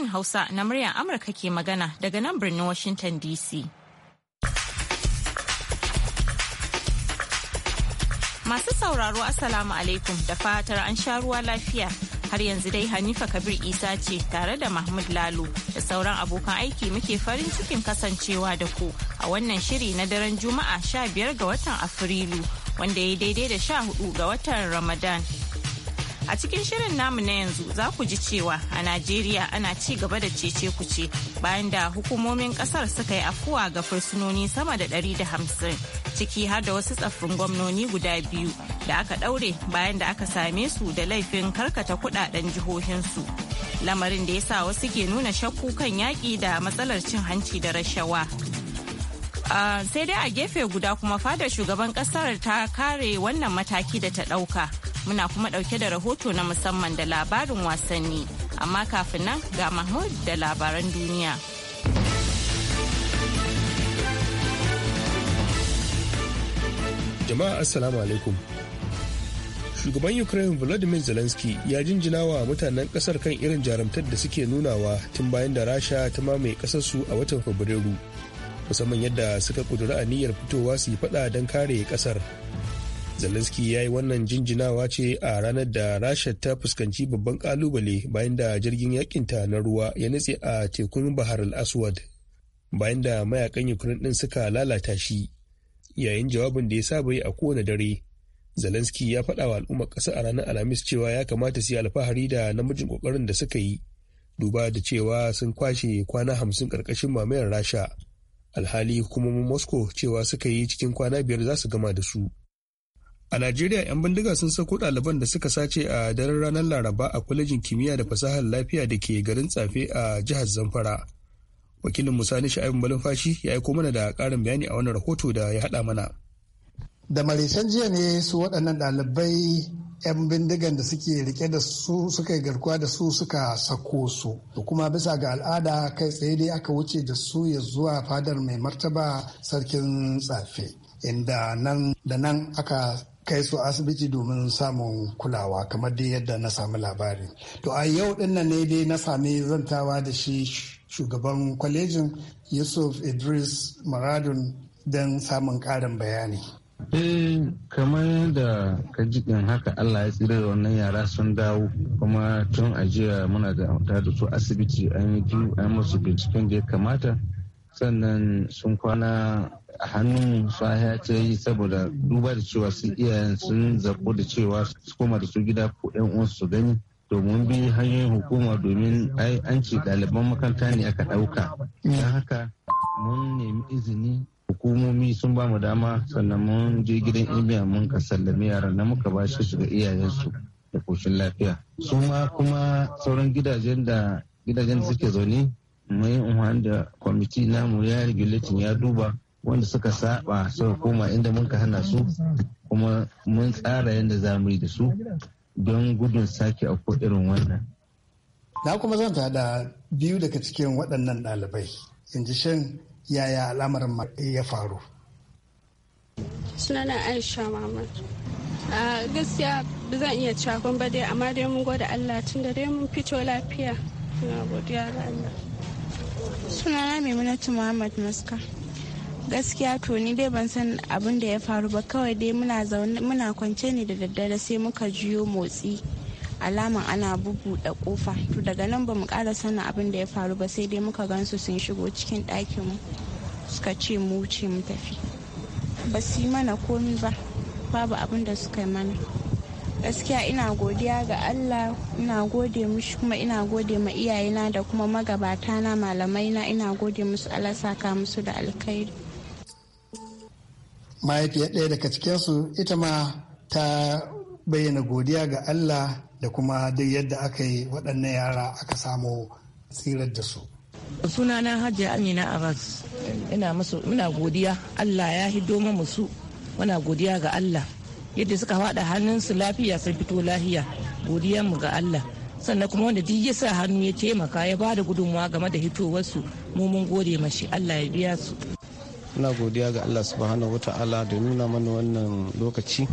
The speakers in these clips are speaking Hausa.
sashin Hausa na muryar Amurka ke magana daga nan birnin Washington DC. Masu sauraro Assalamu alaikum da fatar an sha ruwa lafiya. Har yanzu dai Hanifa Kabir Isa ce tare da Mahmud Lalo da sauran abokan aiki muke farin cikin kasancewa da ku a wannan shiri na daren Juma'a 15 ga watan Afrilu wanda ya daidai da 14 ga watan Ramadan. A cikin shirin namu na yanzu za ku ji cewa a Najeriya ana ci gaba da cece ce bayan da hukumomin kasar suka yi afuwa ga fursunoni sama da 150 ciki har da wasu tsaffin gwamnoni guda biyu da aka daure bayan da aka same su da laifin karkata kudaden jihohinsu. Lamarin da ya sa wasu ke nuna shakku kan yaƙi da matsalar cin hanci da rashawa. Uh, sai dai a gefe guda kuma fadar shugaban kasar ta kare wannan mataki da ta ɗauka. muna kuma ɗauke da rahoto na musamman da labarin wasanni amma kafin nan ga mahmud da labaran duniya jama'a assalamu alaikum shugaban ukraine volodymyr zelensky ya jinjina wa mutanen kasar kan irin jarumtar da suke nunawa tun bayan da rasha ta mamaye kasarsu a watan fabrairu musamman yadda suka kudura niyyar fitowa su yi fada don kare kasar zelensky ya yi wannan jinjinawa ce a ranar da rasha ta fuskanci babban kalubale bayan da jirgin yakinta na ruwa ya nutse a tekun bahar al-aswad bayan da mayakan ukraine din suka lalata shi yayin jawabin da ya saba yi a kowane dare zelensky ya faɗa wa al'ummar ƙasa a ranar alhamis cewa ya kamata su yi alfahari da namijin ƙoƙarin da suka yi duba da cewa sun kwashe kwana hamsin karkashin mamayar rasha alhali hukumomin moscow cewa suka yi cikin kwana biyar za su gama da su A Najeriya 'yan bindiga sun sako ɗaliban da suka sace a daren ranar Laraba a kwalejin kimiyya da fasahar lafiya da ke garin tsafe a jihar Zamfara. Wakilin Musani Sha'ibin Balumfashi ya aiko mana da ƙarin bayani a wannan rahoto da ya haɗa mana. Da maraicen jiya ne su waɗannan ɗalibai 'yan bindigan da suke rike da su suka yi garkuwa da su suka sako su da kuma bisa ga al'ada kai tsaye dai aka wuce da su ya zuwa fadar mai martaba sarkin tsafe inda nan da nan aka kai su asibiti domin samun kulawa kamar dai yadda na sami labari to a yau din nan ne dai na sami zantawa da shi shugaban kwalejin yusuf idris maradun don samun karin bayani eh kamar da ka jikin haka allah ya tsira da wannan yara sun dawo kuma tun ajiya muna da da su asibiti an yi biyu an masu binciken da ya kamata sannan sun kwana a hannun swahiya ta yi saboda duba da cewa sun iyayen sun zabo da cewa su koma da su gida ko yan uwansu su gani domin bi hanyoyin hukuma domin ai an ce ɗaliban makaranta ne aka ɗauka don haka mun nemi izini hukumomi sun ba mu dama sannan mun je gidan ibiya mun ka sallame yaran na muka ba shi shiga iyayensu da koshin lafiya su ma kuma sauran gidajen da gidajen suke zaune mai unhan da kwamiti namu ya regulatin ya duba wanda suka saba suka koma inda mun ka hana su kuma mun tsara yadda za mu yi da su don gudun sake ko irin wannan. Na kuma zan ta da biyu daga cikin waɗannan ɗalibai in ji shan yaya al'amar ya faru. Sunana Aisha Mamad. A gaskiya ba zan iya cakon ba dai amma dai mun gwada Allah tun da dai mun fito lafiya. Suna godiya ga Allah. Sunana Maimunatu Muhammad Maska. gaskiya to ni dai ban san abin da ya faru ba kawai dai muna zaune muna kwance ne da daddare sai muka jiyo motsi alaman ana bubuɗe kofa to daga nan ba mu ƙara sanin abin da ya faru ba sai dai muka gansu sun shigo cikin ɗakin mu suka ce mu wuce mu tafi ba su yi mana komi ba babu abin da suka yi mana gaskiya ina godiya ga allah ina gode mushi kuma ina gode ma iyayena da kuma magabata na malamai na ina gode musu allah saka musu da alkhairi mahaifiyar ɗaya daga cikinsu ita ma ta bayyana godiya ga Allah da kuma duk yadda aka yi waɗannan yara aka samu tsirar da su. sunana Hajji amina abbas ina musu muna godiya allah ya hido mu su muna godiya ga allah yadda suka faɗa su lafiya sai fito lafiya godiya mu ga allah sannan kuma wanda duk ya hannu ya taimaka ya ba da gudunmawa game da hitowarsu mu mun gode mashi allah ya biya su muna godiya ga allah subhanahu wata'ala da nuna mana wannan lokaci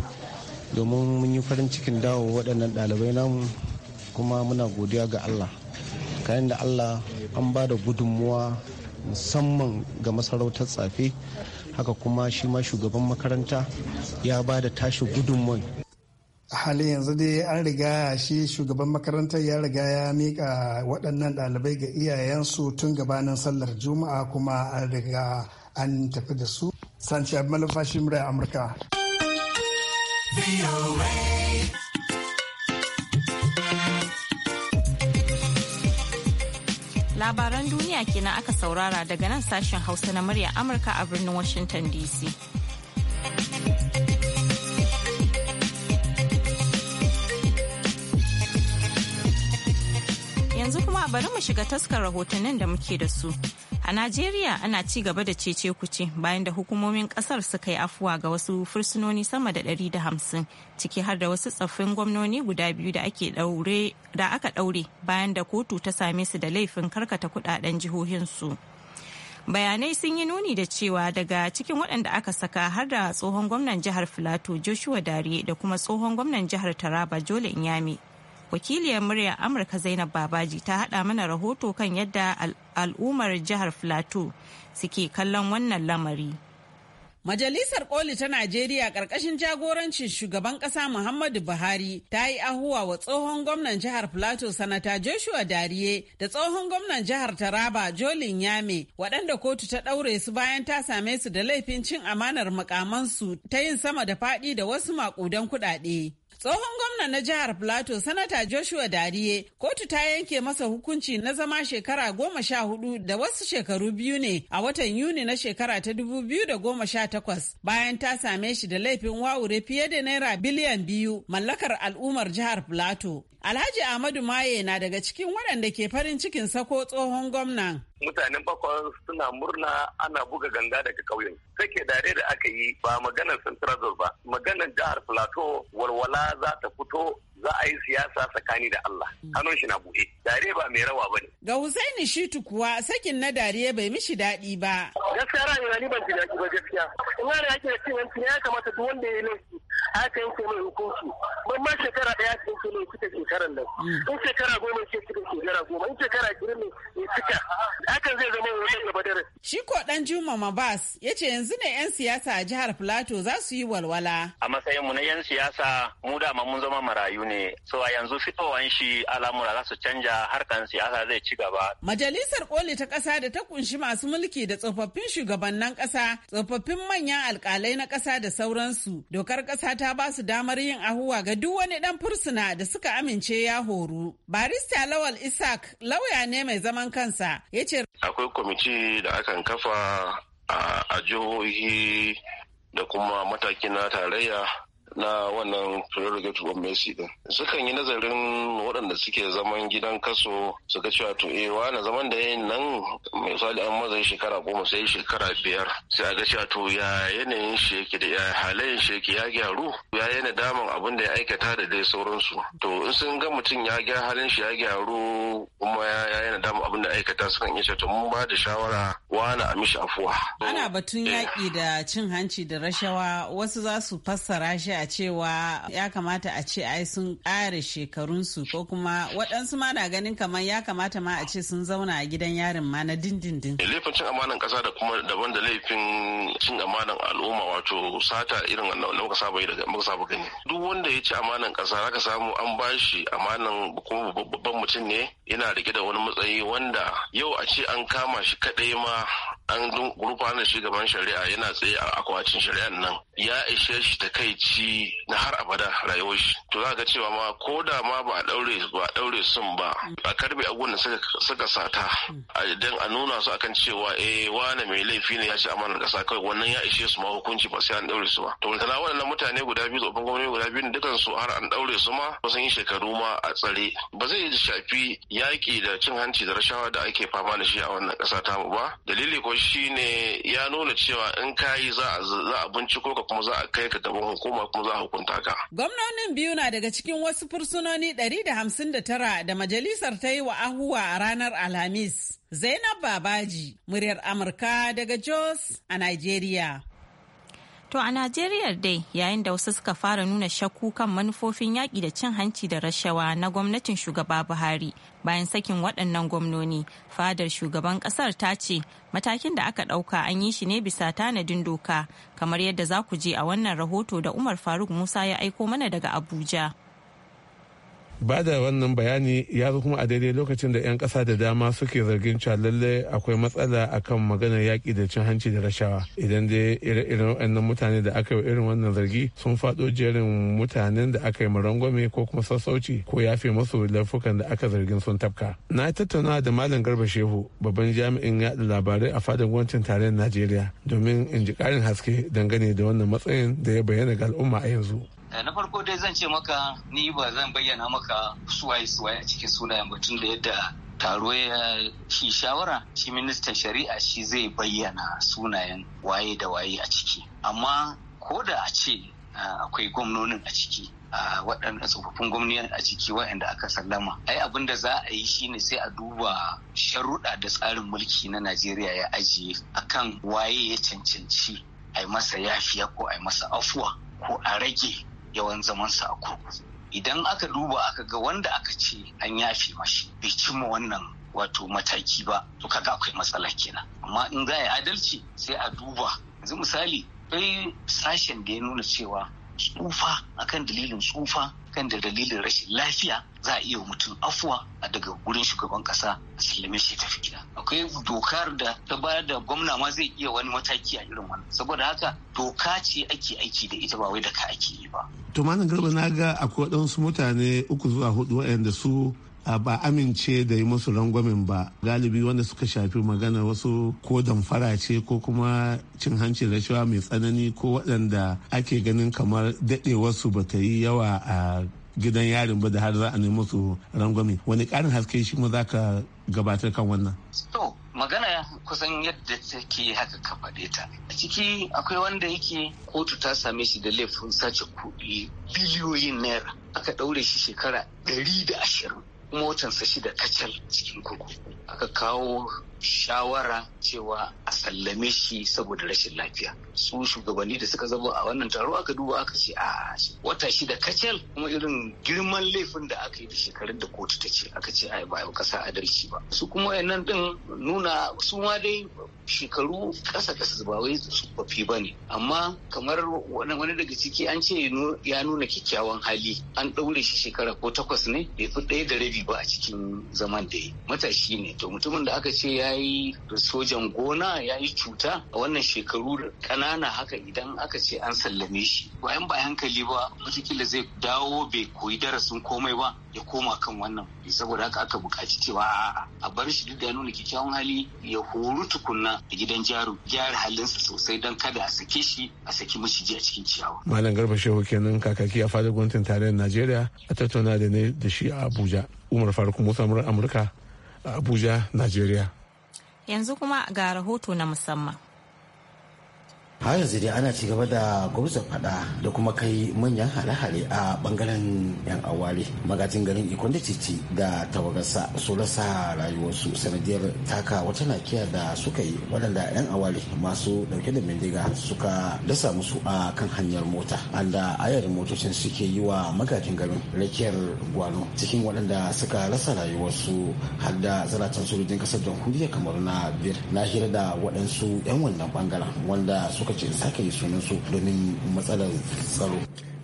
domin mun yi farin cikin dawo waɗannan ɗalibai namu kuma muna godiya ga allah kayan da allah an ba da gudunmuwa musamman ga masarautar tsafe haka kuma shi ma shugaban makaranta ya ba da tashi gudunmuwa a halin yanzu dai an riga shi shugaban makarantar ya riga ya mika waɗannan ɗalibai ga iyayensu tun gabanin sallar juma'a kuma an riga an tafi da su sanci malafashin murai amurka labaran duniya kenan aka saurara daga nan sashen hausa na murya amurka a birnin washington dc yanzu kuma bari mu shiga taskar rahotannin da muke da su A Najeriya ana ci gaba da cece kuce bayan da hukumomin kasar suka yi afuwa ga wasu fursunoni sama da 150 ciki har da wasu tsoffin gwamnoni guda biyu da aka daure bayan da kotu ta same su da laifin karkata kudaden jihohinsu. Bayanai sun yi nuni da cewa daga cikin waɗanda aka saka har da tsohon gwamnan jihar Filato Joshua Dare da kuma tsohon gwamnan jihar Taraba Jole Inyami wakiliyar murya amurka zainab babaji ta hada mana rahoto kan yadda al'ummar jihar Filato suke kallon wannan lamari Majalisar Koli ta Najeriya ƙarƙashin jagorancin shugaban ƙasa Muhammadu Buhari ta yi ahuwa wa tsohon gwamnan jihar Plateau Sanata Joshua Dariye da tsohon gwamnan jihar Taraba Jolin Yame waɗanda kotu ta ɗaure su bayan ta same su da laifin cin amanar mukamansu ta yin sama da faɗi da wasu maƙudan kuɗaɗe. Tsohon gwamna na jihar Plateau, Sanata Joshua Dariye, kotu ta yanke masa hukunci na zama shekara goma sha hudu da wasu shekaru biyu ne a watan Yuni na shekara ta dubu biyu da goma sha takwas bayan ta same shi da laifin wawure fiye da naira biliyan biyu mallakar al'ummar jihar Plateau. Alhaji Ahmadu Maye na daga cikin waɗanda ke farin cikin sako tsohon gwamnan. mutanen bakon suna murna ana buga ganga daga ƙauyen sake dare da aka yi ba maganar central ba maganar jihar plateau walwala za ta fito za a yi siyasa tsakani da Allah mm. hannun shi na buɗe dare ba mai rawa bane ga Husaini Shitu kuwa sakin na dariya bai mishi daɗi ba gaskiya rayuwa ni ban ji daɗi ba gaskiya in ana ake da cin ya kamata duk wanda ya yi laifi haka yanke mai hukunci ban ma shekara ɗaya ce ke ne suka shekaran nan in hmm. shekara goma ce suka shekara goma in shekara ashirin ne cika hakan zai zama wani gaba da shi ko dan juma mabas ya ce yanzu ne yan siyasa a jihar plateau za su yi walwala a matsayin mu na yan siyasa mu da ma mun zama marayu ne so a yanzu fitowan shi al'amura za su canja harkan siyasa zai ci gaba majalisar koli ta ƙasa da ta kunshi masu mulki da tsofaffin shugabannin ƙasa tsofaffin manyan alƙalai na ƙasa da sauransu dokar ƙasa ta ba su damar yin ahuwa ga duk wani ɗan fursuna da suka amince ya horu. Barista Lawal Isaac lauya ne mai zaman kansa ya ce. Akwai kwamiti da akan kafa a jihohi da kuma mataki na tarayya na wannan prerogative of mercy din sukan yi nazarin waɗanda suke zaman gidan kaso suka cewa to eh wani zaman da yayin nan misali an maza shekara goma sai shekara biyar sai a ga cewa to ya yanayin shi yake da ya halayen shi yake ya gyaru ya yana daman abin da ya aikata da dai sauransu to in sun ga mutum ya gyara halin shi ya gyaru kuma ya yana damun abin da aikata sukan iya to mun ba da shawara wani a mishi afuwa ana batun eh. yaƙi da cin hanci da rashawa wasu za su fassara shi a cewa ya kamata a ce ai sun ƙara shekarunsu ko kuma waɗansu ma na ganin kamar ya kamata ma a ce sun zauna a gidan yarin ma na dindindin. Laifin cin amanan ƙasa da kuma daban da laifin cin amanan al'umma wato sata irin wannan muka saba muka saba gani. Duk wanda ya ci amanan ƙasa zaka samu an bashi amanan kuma babban mutum ne yana rike da wani matsayi wanda yau a ce an kama shi kaɗai ma an gurfanar shi gaban shari'a yana tsaye a akwatin shari'ar nan ya ishe shi takaici yi na har abada rayuwar shi to za ga cewa ma ko da ma ba a daure ba a daure sun ba a karbe abubuwan da suka sata dan a nuna su akan cewa eh wane mai laifi ne ya ci amanar kasa kai wannan ya ishe su ma hukunci ba sai an daure su ba to mutane guda biyu zo bangon guda biyu dukan su har an daure su ma sun yi shekaru ma a tsare ba zai shafi yaki da cin hanci da rashawa da ake fama da shi a wannan kasa ta ba dalili ko shine ya nuna cewa in kayi za a binciko ka kuma za a kai ka gaban hukuma kuma za a hukunta ka. Gwamnonin biyu na daga cikin wasu fursunoni 159 da majalisar ta yi wa ahuwa a ranar Alhamis. Zainab Babaji, muryar Amurka daga Jos a Nigeria. To a Najeriya dai yayin da wasu suka fara nuna shakku kan manufofin yaƙi da cin hanci da rashawa na gwamnatin shugaba Buhari bayan sakin waɗannan gwamnoni, fadar shugaban ƙasar ta ce matakin da aka ɗauka an yi shi ne bisa tanadin doka kamar yadda za ku je a wannan rahoto da Umar Faruk Musa ya aiko mana daga Abuja. ba da wannan bayani ya zo kuma a daidai lokacin da 'yan ƙasa da dama suke zargin cewa lallai akwai matsala akan maganar yaƙi da cin hanci da rashawa idan dai ire-iren wannan mutane da aka yi irin wannan zargi sun faɗo jerin mutanen da aka yi marangwame ko kuma sassauci ko yafe masu laifukan da aka zargin sun tafka na yi tattauna da malam garba shehu babban jami'in yaɗa labarai a fadin gwamnatin tarayyar najeriya domin in ji ƙarin haske dangane da wannan matsayin da ya bayyana ga al'umma a yanzu Eh, na farko dai zan ce maka ni ba zan bayyana maka suwaye suwaye a cikin sunayen Tun da yadda taro ya shi shawara shi ministan shari'a shi zai bayyana sunayen waye da waye a ciki amma ko da a ce eh, akwai gwamnonin a ciki a eh, waɗanda tsofaffin gwamni a ciki waɗanda aka sallama ai abin da za a yi shine sai a duba sharuɗa da tsarin mulki na najeriya ya ajiye akan waye ya cancanci a masa yafiya ko a masa afuwa ko a rage yawan zamansa a kurkuku idan aka duba aka ga wanda aka ce an yafe mashi bai cimma wannan wato mataki ba to kaga akwai matsala kenan amma in za a yi adalci sai a duba yanzu misali akwai sashen da ya nuna cewa tsufa akan dalilin tsufa kan da dalilin rashin lafiya za a iya mutum afuwa a daga gurin shugaban kasa a sallame shi tafi gida akwai dokar da ta bayar da gwamna ma zai iya wani mataki a irin wannan saboda haka doka ce ake aiki da ita ba wai da ka ake yi ba to malam garba na ga akwai waɗansu mutane uku zuwa hudu waɗanda su a ba amince da yi musu rangwamen ba galibi wanda suka shafi magana wasu ko damfara ce ko kuma cin hanci rashawa mai tsanani ko waɗanda ake ganin kamar wasu ba ta yi yawa a gidan yarin ba da har za a nemi su rangwame wani ƙarin haske shi ma za ka gabatar kan wannan to magana kusan yadda take haka ka faɗe ta a ciki akwai wanda yake kotu ta same shi da laifin sace kuɗi biliyoyin naira aka ɗaure shi shekara ɗari da ashirin motansa da kacal cikin kuku aka kawo shawara cewa a sallame shi saboda rashin lafiya su shugabanni da suka zama a wannan taro aka duba aka ce a wata shida kacal kuma irin girman laifin da aka yi da shekarun da kotu ta ce aka ce ai ba kasa adalci ba su kuma wayannan din nuna su ma dai shekaru kasa kasa ba wai tsofaffi ba ne amma kamar wani daga ciki an ce ya nuna kyakkyawan hali an ɗaure shi shekara ko takwas ne bai fi ɗaya da rabi ba a cikin zaman da yi matashi ne to mutumin da aka ce ya yayi yi sojan gona ya yi cuta a wannan shekaru kanana haka idan aka ce an sallame shi bayan ba hankali ba watakila zai dawo bai koyi darasin komai ba ya koma kan wannan saboda haka aka bukaci cewa a bar shi duk da nuna kyakkyawan hali ya horu tukunna a gidan jaru gyara halinsa sosai don kada a sake shi a saki maciji a cikin ciyawa. Malam Garba Shehu kenan kakaki a fadar gwamnatin tarayyar Najeriya a tattauna da ne da shi a Abuja. Umar Faruk musamman Amurka a Abuja, Najeriya. Yanzu kuma ga rahoto na musamman. har yanzu dai ana cigaba da gwamnatin fada da kuma kai manyan hare-hare a bangaren yan awali magajin garin da titi da tawagarsa su rasa rayuwarsu sanadiyar taka wata nakiya da suka yi waɗanda yan awali masu dauke da bindiga suka dasa musu a kan hanyar mota anda ayar motocin suke yi wa magajin garin rakiyar gwano cikin waɗanda suka rasa rayuwarsu har da zaratan sojojin ƙasar jamhuriyar kamaru na biyar na hira da waɗansu yan wannan bangaren wanda suka suka ce sake yi sunan su domin matsalar tsaro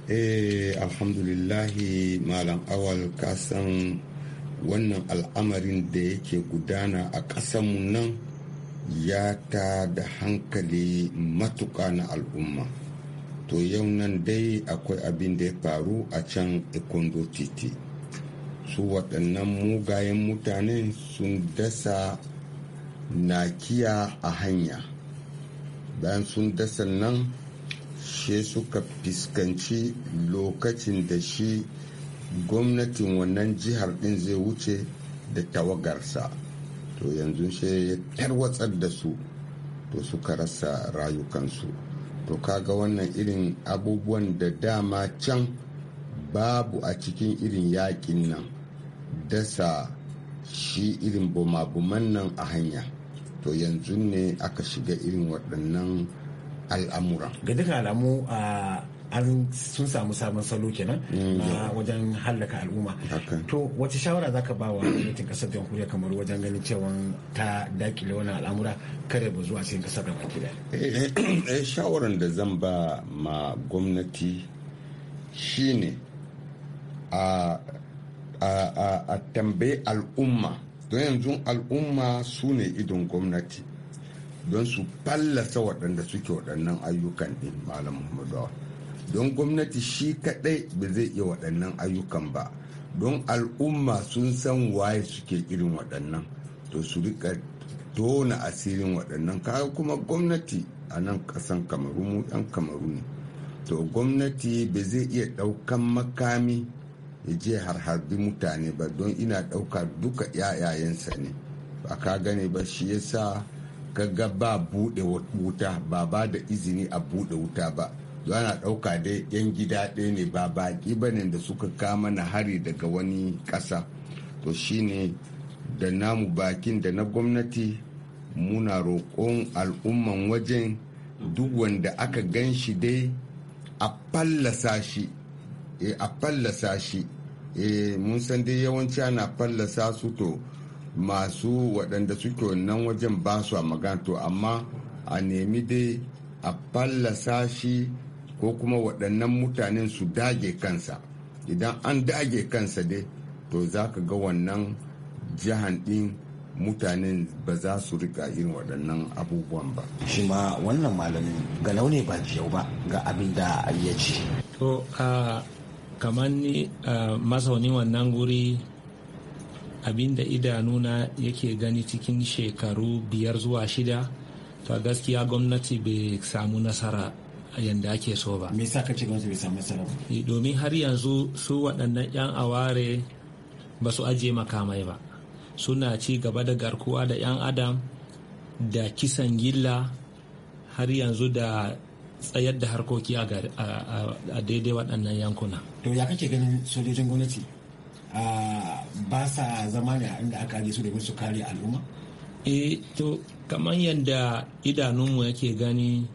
eh alhamdulillahi malam awal kasan wannan al'amarin da yake gudana a ƙasanmu nan ya ta da hankali matuƙa na al'umma to yau nan dai akwai abin da ya faru a can ikondo titi su waɗannan mugayen mutane sun dasa nakiya a hanya bayan sun dasa nan shi suka fiskanci lokacin da shi gwamnatin wannan jihar din zai wuce da tawagarsa to yanzu shi ya tarwatsar da su to suka rasa rayukansu to kaga wannan irin abubuwan da dama can babu a cikin irin yakin nan dasa shi irin bumabuman nan a hanya to yanzu ne aka shiga irin waɗannan al'amura ga dukkan alamu a an sun samu sabon salo kenan na mm, wajen hallaka al'umma to wace shawara ka ba wa gwamnatin kasar jamhuriya kamar wajen ganin cewa ta dakile wannan al'amura kare ba zuwa cikin kasar gaba ki daya eh, eh, eh, shawaran da zan ba ma gwamnati shine a a tambayi al'umma don yanzu al'umma su ne idon gwamnati don su fallasa waɗanda suke waɗannan ayyukan ɗin malam muhammadu don gwamnati shi kaɗai ba zai iya waɗannan ayyukan ba don al'umma sun san waye suke irin waɗannan to su rika tona asirin waɗannan kaga kuma gwamnati a nan ƙasan kamaru mu ɗan kamaru ne to gwamnati ba zai iya ɗaukan makami ya je harharbi mutane ba don ina ɗauka duka yayayensa ne ba ka gane ba shi yasa ga ba buɗe wuta ba ba da izini a buɗe wuta ba don ana ɗauka dai yan gida ɗaya ne ba baƙi ba ne da suka kama na hari daga wani ƙasa to shi ne da namu bakin da na gwamnati muna roƙon al'umman wajen duk wanda aka gan shi dai a fallasa shi Eh, a fallasa shi eh, mun san dai yawanci ana fallasa su to masu waɗanda suke wannan wajen ba su a maganto amma a nemi dai a fallasa shi ko kuma waɗannan mutanen su dage kansa idan an dage kansa dai to za ka ga wannan jihan ɗin mutanen ba za su rika irin waɗannan abubuwan ba. shi ma wannan malamin ga launi ba jiyau ba ga abin da ya ce. to kamar ni mazauni wannan guri abinda idanuna yake gani cikin shekaru biyar zuwa shida to gaskiya gwamnati bai samu nasara yadda ake so ba. Me sa ka gwamnati bai samu nasara ba? Eh, domin har yanzu su waɗannan 'yan aware ba su ajiye makamai ba. Suna ci gaba da garkuwa da 'yan adam da kisan gilla har yanzu da tsayar da harkoki a daidai waɗannan yankuna. To ya kake ganin sojojin gwamnati ba sa zama ne a inda aka su domin su kare al'umma? E to kamar yadda idanunmu yake gani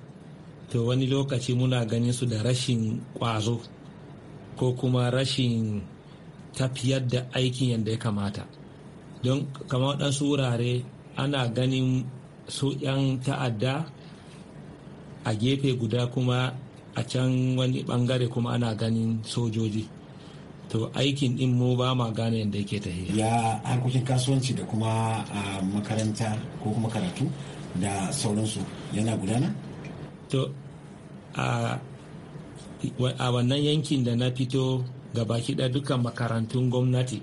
to wani lokaci muna ganin su da rashin ƙwazo ko kuma rashin tafiyar da aikin yadda ya kamata. Don kamar waɗansu wurare ana ganin su 'yan ta'adda a gefe guda kuma a can wani bangare kuma ana ganin sojoji to aikin din mu ba ma gane yadda yake tafiya ya harkokin kasuwanci da kuma a makaranta ko kuma karatu da sauransu yana gudana to a wannan yankin da na fito baki da dukkan makarantun gwamnati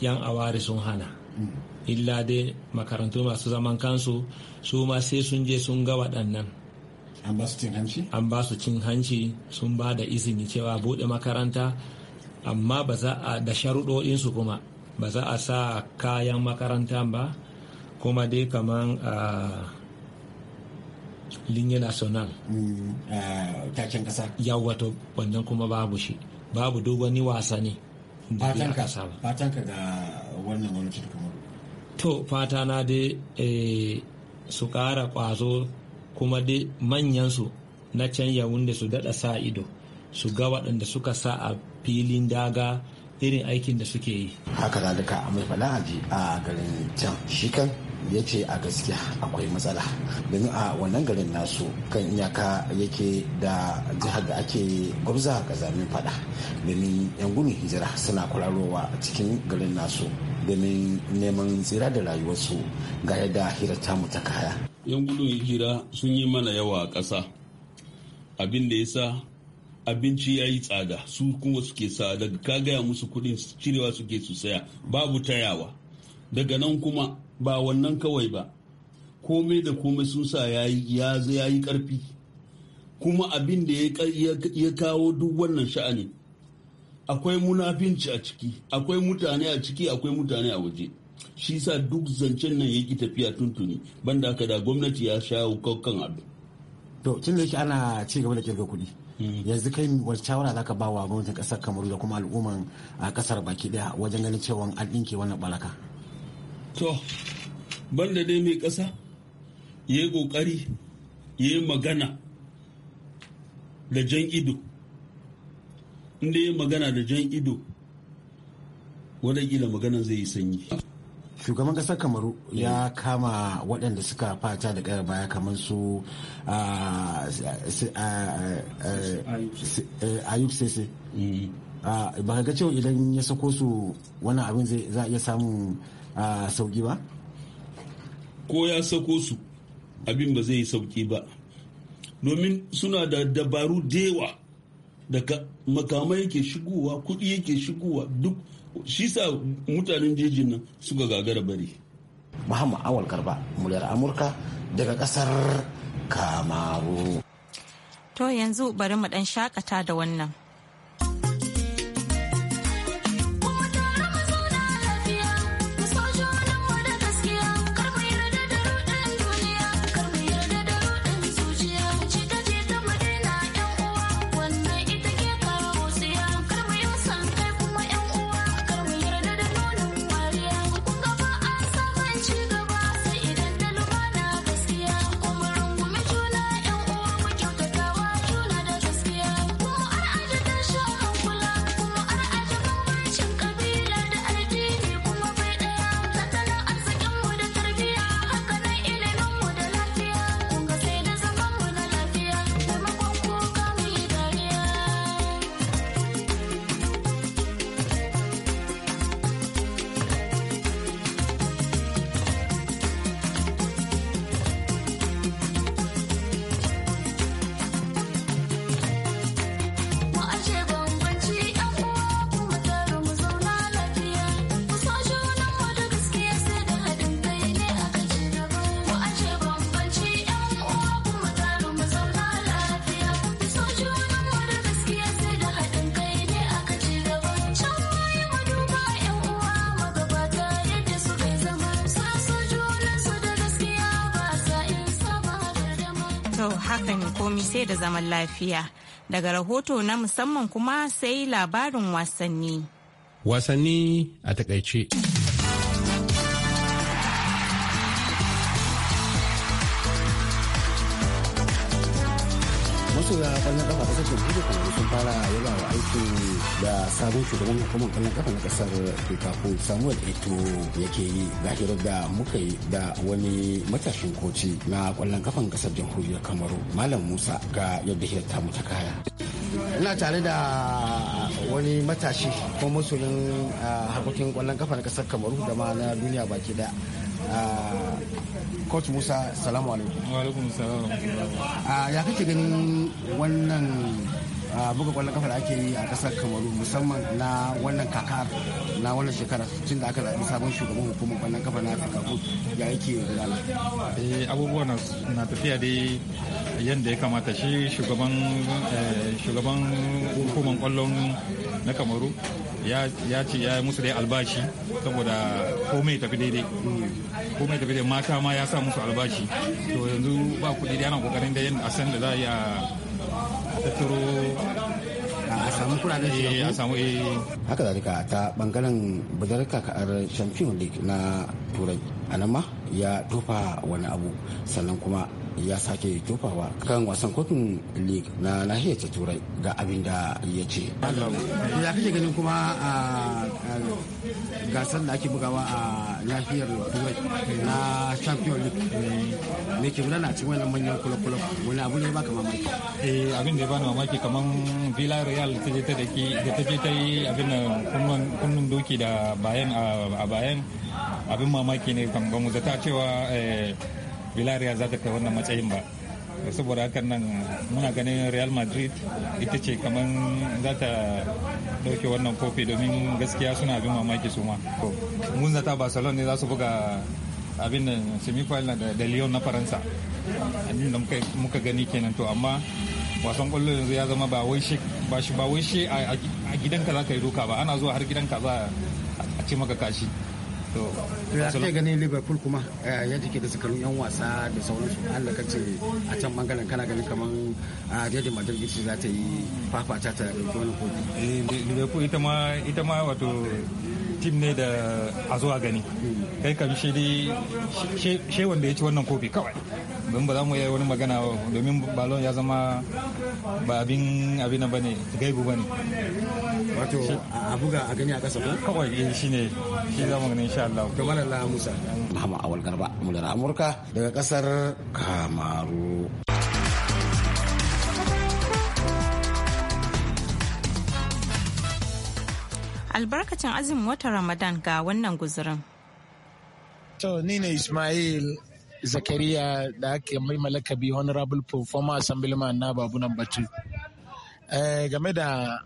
yan awari sun hana mm. illa dai makarantu masu zaman kansu su ma sai sun je sun ga waɗannan an ba su cin hanci an ba su cin hanci sun ba da izini cewa buɗe makaranta amma ba za a da sharuɗoɗinsu kuma ba za a sa kayan makaranta ba kuma dai kaman a linye national mm, taken kasa yawa to wannan kuma babu shi babu duk wani wasa ne fatan ka ga wannan wani cikin to fata na dai eh, su ƙara ƙwazo kuma dai manyansu na can yawun da su daɗa sa ido su ga waɗanda suka sa a filin daga irin aikin da suke yi haka zalika a mai faɗa a garin can shi kan ya ce a gaskiya akwai matsala domin a wannan garin nasu kan iyaka yake da jihar da ake ga ƙazamin fada domin yan gudun hijira suna kwararowa cikin garin nasu domin neman tsira da rayuwarsu ga yadda hira mu ta kaya. yan gudun hira sun yi mana yawa a ƙasa abin da ya sa abinci ya yi tsada su kuma suke sa daga ka gaya musu kuɗin cirewa suke su saya babu tayawa daga nan kuma ba wannan kawai ba komai da komai sun sa ya yi ƙarfi kuma abin da ya kawo duk wannan sha'ani akwai munafinci a ciki akwai mutane a ciki akwai mutane a waje shi sa duk zancen nan yake tafiya tuntuni banda haka da gwamnati ya sha kan abu to tun da ana ci gaba da kirga kuɗi hmm. yanzu kai wani shawara za ka ba wa gwamnatin ƙasar kamaru da kuma al'umman a ƙasar baki daya wajen ganin cewa an ɗinke wannan baraka to banda dai mai ƙasa ya yi ƙoƙari ya yi magana da jan ido inda ya magana da jan ido wadakila magana zai yi sanyi shugaban kasar kamaru ya kama waɗanda suka fata da ƙayar baya kamar su ah, ah, eh, eh, ayub sese mm-hmm. ah, ba ga cewa idan ya sako su wannan abin za a iya samun sauki ba ko ya sako su abin ba zai yi sauki ba domin suna da dabaru da yawa daga makamai yake shigowa kuɗi yake shigowa duk shi sa mutanen jejin nan suka gagara bari muhammad awal garba muryar amurka daga ƙasar kamaru to yanzu bari mu ɗan shakata da wannan komi sai da zaman lafiya. Daga rahoto na musamman kuma sai labarin wasanni. Wasanni a takaice. masoya kwallon kafa ta kasar buɗe kuma sun fara yaba wa aikin da sabon shugaban hukumar kwallon kafa na kasar Fikafo Samuel Eto yake yi ga hirar da muka yi da wani matashin koci na kwallon kafan kasar jamhuriyar Kamaru Malam Musa ga yadda hirar ta mutu kaya. Ina tare da wani matashi ko masoyin ah, harkokin kwallon kafa na kasar Kamaru da ma na duniya baki daya. Ah, coach musa salamu alaikum ah, ya kake ganin wannan buga kwallon kafa da ake yi a kasar kamaru musamman na wannan kakar na wannan shekara tun da aka zaɓi sabon shugaban hukumar kwallon kafa na afirka ya yake gudana eh, abubuwan na tafiya dai yadda ya kamata shi shugaban eh, shugaban hukumar kwallon na kamaru ya ce ya musu dai albashi saboda komai tafi daidai komai tafi daidai mata ma ya sa musu albashi to yanzu ba kuɗi dai yana kokarin da yin asan da za a yi a turo a samu kuranin shiga eh, a samu eh. haka zalika ta bangaren bazar kakar champion league na turai a nan ma ya tofa wani abu sannan kuma ya sake jofawa kan wasan kofin league na nahiyar ta turai ga abin da ya ce ya kake ganin kuma a gasar da ake bugawa a nahiyar turai na champion league ne ke gudana a cikin wannan manyan kulakulak wani abu ne ka mamaki eh abin da ya bani mamaki kamar villarreal ta je ta daki da ta je ta yi abin nan kunnun doki da bayan a bayan abin mamaki ne kan da ta cewa eh, bilariya za ta kai wannan matsayin ba saboda hakan nan muna ganin real madrid ita ce kamar za ta dauke wannan kofi domin gaskiya suna abin mamaki su ma mun zata barcelona ne za su buga abin da semifinal da lyon na faransa abin da muka gani kenan to amma wasan kwallo yanzu ya zama ba wai ba shi ba wai shi a gidanka za ka yi duka ba ana zuwa har gidanka za a ce maka kashi to ya ganin liverpool kuma eh, ya take da zakarun yan wasa da sauransu allah ka ce a can bangaren kana ganin kamar a ah, jadi madrid ita za ta yi fafata ta ɗauki wani kofi eh, liverpool ita ma ita ma wato tim ne da a zuwa gani hmm. kai kam shi dai shi wanda ya ci wannan kofi kawai ba za mu yi wani magana domin balon ya zama ba abin abin ba ne gaibu ba ne wato a buga a gani a ƙasa ko kawai eh ne shi za mu gani insha Allah to malalla Musa Muhammad Awal Garba da Amurka daga ƙasar Kamaru albarkacin azumin watan ramadan ga wannan guzurin to ni ne ismail zakariya da ake mai malakabi honorable performer assemblyman na babunan batu eh, game da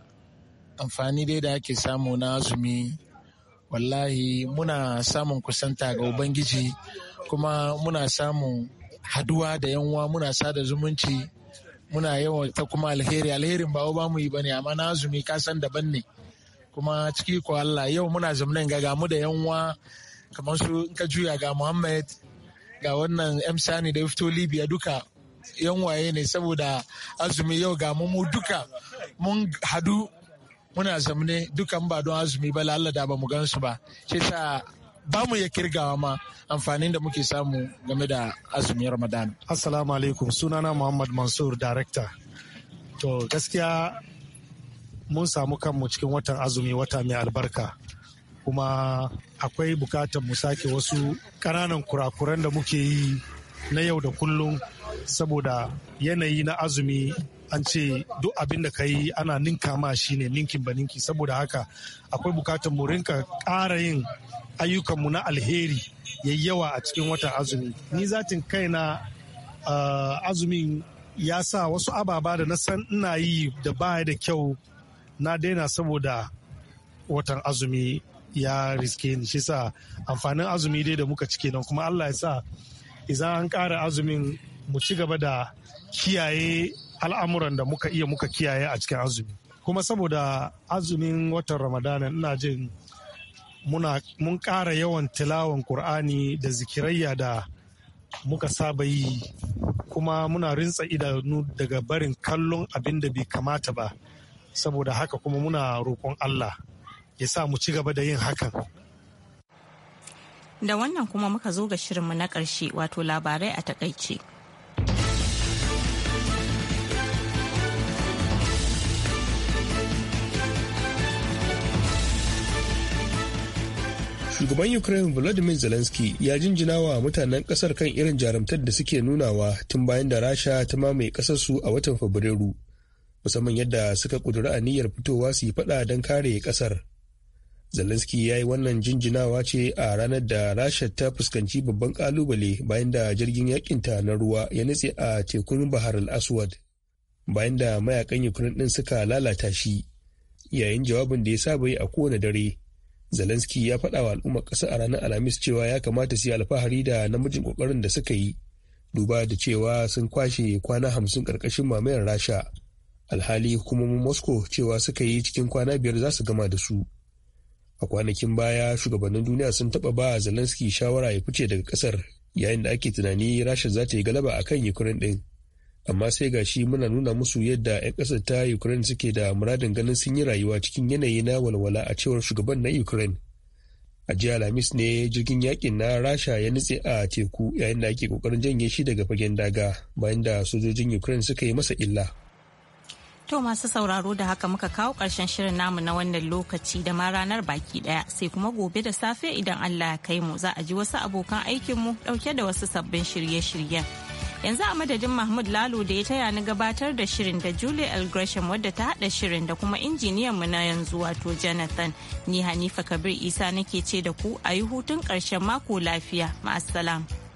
amfani dai da ake samu na azumi wallahi muna samun kusanta ga ubangiji kuma muna samun haduwa da yanwa muna sada zumunci muna yawan ta kuma alheri alherin ba ba mu yi bane amma na azumi kasan daban ne kuma ciki ko Allah yau muna zamanin ga mu da yanwa kamar su in ka juya ga Muhammad ga wannan m da ya fito libya duka yan waye ne saboda azumi yau ga mu duka mun hadu muna zamne dukan ba don azumi ba lalla da ba mu gansu ba shi sa ba mu ya kirgawa ma amfanin da muke samu game da azumin ramadan assalamu alaikum sunana muhammad mansur director to gaskiya mun samu kanmu cikin watan azumi wata mai albarka kuma akwai bukatar mu sake wasu ƙananan kurakuran da muke yi na yau da kullum saboda yanayi na azumi an ce duk abin da ka yi ana ninka ma shi ne ninkin ba ninki saboda haka akwai bukatar mu rinka ƙara yin ayyukanmu na alheri yayi yawa a cikin watan azumi ni zatin kaina uh, azumin ya sa wasu ababa da na san ina yi da baya da kyau na daina saboda watan azumi ya riske ni shi sa amfanin azumi dai da muka cike nan kuma Allah ya sa idan an ƙara azumin mu ci gaba da kiyaye al'amuran da muka iya muka kiyaye a cikin azumi kuma saboda azumin watan ramadana ina jin muna mun ƙara yawan tilawan qur'ani da zikirayya da muka saba yi kuma muna rintsa idanu daga barin kallon abin da bai kamata ba saboda haka kuma muna roƙon Allah ya sa mu ci gaba da yin hakan da wannan kuma muka zo ga shirinmu na ƙarshe wato labarai a takaice shugaban ukraine volodymyr zelensky ya jinjina wa mutanen kasar kan irin jarumtar da suke nunawa tun bayan da rasha ta mamaye kasarsu a watan fabrairu musamman yadda suka a niyyar fitowa su yi fada don kare kasar Zelensky ya yi wannan jinjinawa ce a ranar da Rasha ta fuskanci babban kalubale bayan da jirgin yakinta na ruwa ya nutse a tekun Bahar al-Aswad bayan da mayakan Ukraine din suka lalata shi. Yayin jawabin da ya saba yi a kowane dare, Zelensky ya faɗa wa al'ummar ƙasa a ranar Alhamis cewa ya kamata su yi alfahari da namijin ƙoƙarin da suka yi, duba da cewa sun kwashe kwana hamsin karkashin mamayar Rasha. Alhali hukumomin Moscow cewa suka yi cikin kwana biyar za su gama da su. a kwanakin baya shugabannin duniya sun taɓa ba zelensky shawara ya fice daga ƙasar yayin da ake tunani rasha za ta yi galaba a kan ukraine ɗin amma sai ga shi muna nuna musu yadda 'yan ƙasar ta ukraine suke da muradin ganin sun yi rayuwa cikin yanayi na walwala a cewar shugaban na ukraine a jiya lamis ne jirgin yakin na rasha ya nutse a teku yayin da ake kokarin janye shi daga fagen daga bayan da sojojin ukraine suka yi masa illa To masu sauraro da haka muka kawo ƙarshen shirin namu na wannan lokaci da ma ranar baki ɗaya sai kuma gobe da safe idan Allah ya kai mu za a ji wasu abokan aikinmu ɗauke da wasu sabbin shirye-shiryen. Yanzu a madadin Mahmud Lalo da ya taya ni gabatar da shirin da Julie L. wadda ta haɗa shirin da kuma injiniyan mu na yanzu wato Jonathan. Ni Hanifa Kabir Isa nake ce da ku a yi hutun karshen mako lafiya. Ma'assalam.